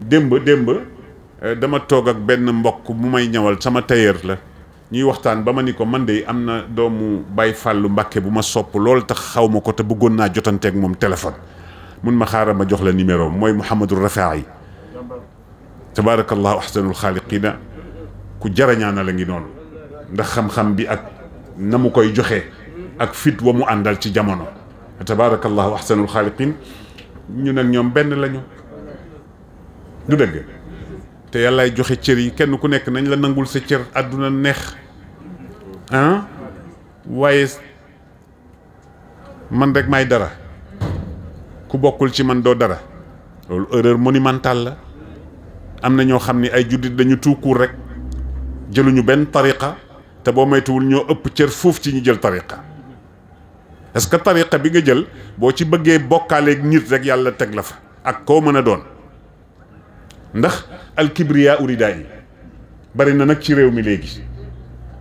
démb démb euh, dama toog ak benn mbokk mu may ñawal sama tailleur la ñuy waxtaan ba ma ni ko man de am na doomu Baye fàllu Mbacké bu ma sopp loolu tax xaw ma ko te bëggoon naa jotanteeg moom téléphone mun ma xaaral ma jox la numéro mooy Mouhamadou Rafaay tabaarakallahu ahsanul xaaliqiina ku jarañaana la ngi noonu ndax xam-xam bi ak na mu koy joxe ak fit wa mu àndal ci jamono tabarakallahu ahsanul xaaliqin ñu ne ñoom benn lañu du dëgg te yàllaay joxe cër yi kenn ku nekk nañ la nangul sa cër àdduna neex ah waaye man rek may dara ku bokkul ci man doo dara loolu erreur monumentale la am na ñoo xam ni ay juddit dañu tuukuur rek jëluñu benn tariqa te boo moytuwul ñoo ëpp cër foofu ci ñu jël tariqa est ce tariqa bi nga jël bo ci bëggé bokalé ak nit rek yàlla teg la fa ak ko mëna doon ndax al kibriya yi bari na nak ci réew mi légui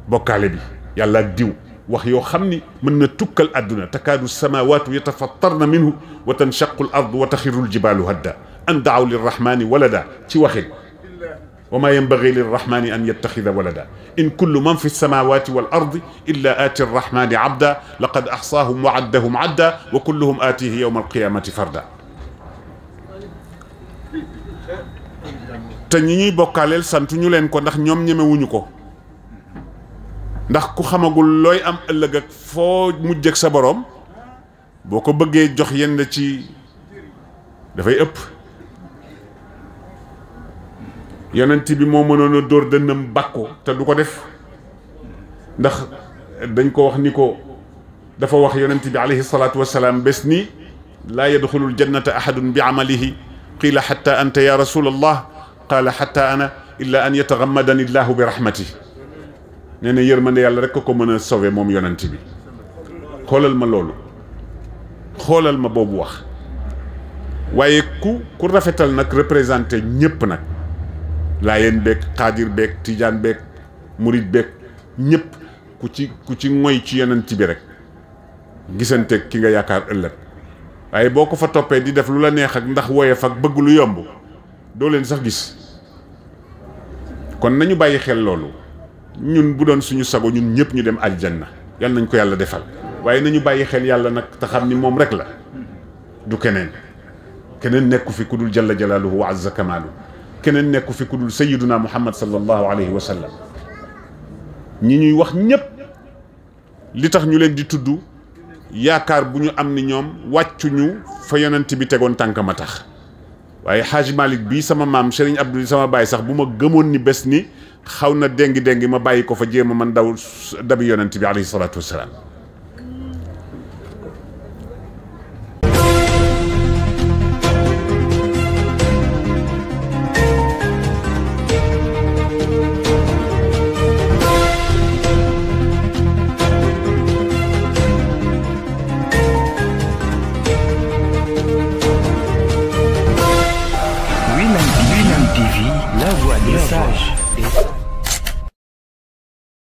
bokalé bi yàlla ak diw wax yo xamni ni mën na tukkal aduna takadu samawati yatafattarna minhu wa tanshaqu al ard wa takhiru al jibalu hadda an da'u lir rahmani walada ci waxin وما ينبغي للرحمن أن يتخذ ولدا إن كل من في السماوات والأرض إلا آتي الرحمن عبدا لقد أحصاهم وعدهم عدا وكلهم آتيه يوم القيامة فردا te ñi ñuy bokkaaleel santuñu leen ko ndax ñoom ñemewuñu ko ndax ku xamagul looy am ëllëg ak foo mujjëg sa boroom boo ko bëggee jox yenn ci dafay ëpp yonent bi moo mënoon a dóor dënnam bàkko te du ko def ndax dañ ko wax ni dafa wax yonent bi alayhi salaatu wasalaam bés ni laa jannata ahadun bi amalihi qila xata anta ya rasul allah qaala xata ana illa an yataxammadani illahu bi rahmati nene na yërmande yàlla rek ko mën a sauver moom yonent bi xoolal ma loolu xoolal ma boobu wax waaye ku ku rafetal nag représenté ñëpp nag laayeen beeg xaadir beeg tijaan beeg murit beeg ñépp ku ci ku ci moy ci yeneen bi rek gisante ki nga yaakaar ëllëg waaye boo ko fa toppee di def lu la neex ak ndax woyef ak bëgg lu yomb doo leen sax gis kon nañu bàyyi xel loolu ñun bu doon suñu sago ñun ñëpp ñu dem aljanna yal nañ ko yàlla defal waaye nañu bàyyi xel yàlla nag te xam ni moom rek la du keneen keneen nekku fi ku dul jalla jalaaluhu wa azza kamaalu كنن نكو في كل سيدنا محمد صلى الله عليه وسلم ني ني واخ نيب لي تخ ني دي تودو ياكار بو ني ام نيوم واتيو ني فا يوننتي بي تيغون تانكا ما تخ واي حاج مالك بي سما مام شيرين عبد سما باي صاح بوما گمون ني بس خاونا دنگي دنگي ما بايي كو فا جيما من داو دابي يوننتي بي عليه الصلاه والسلام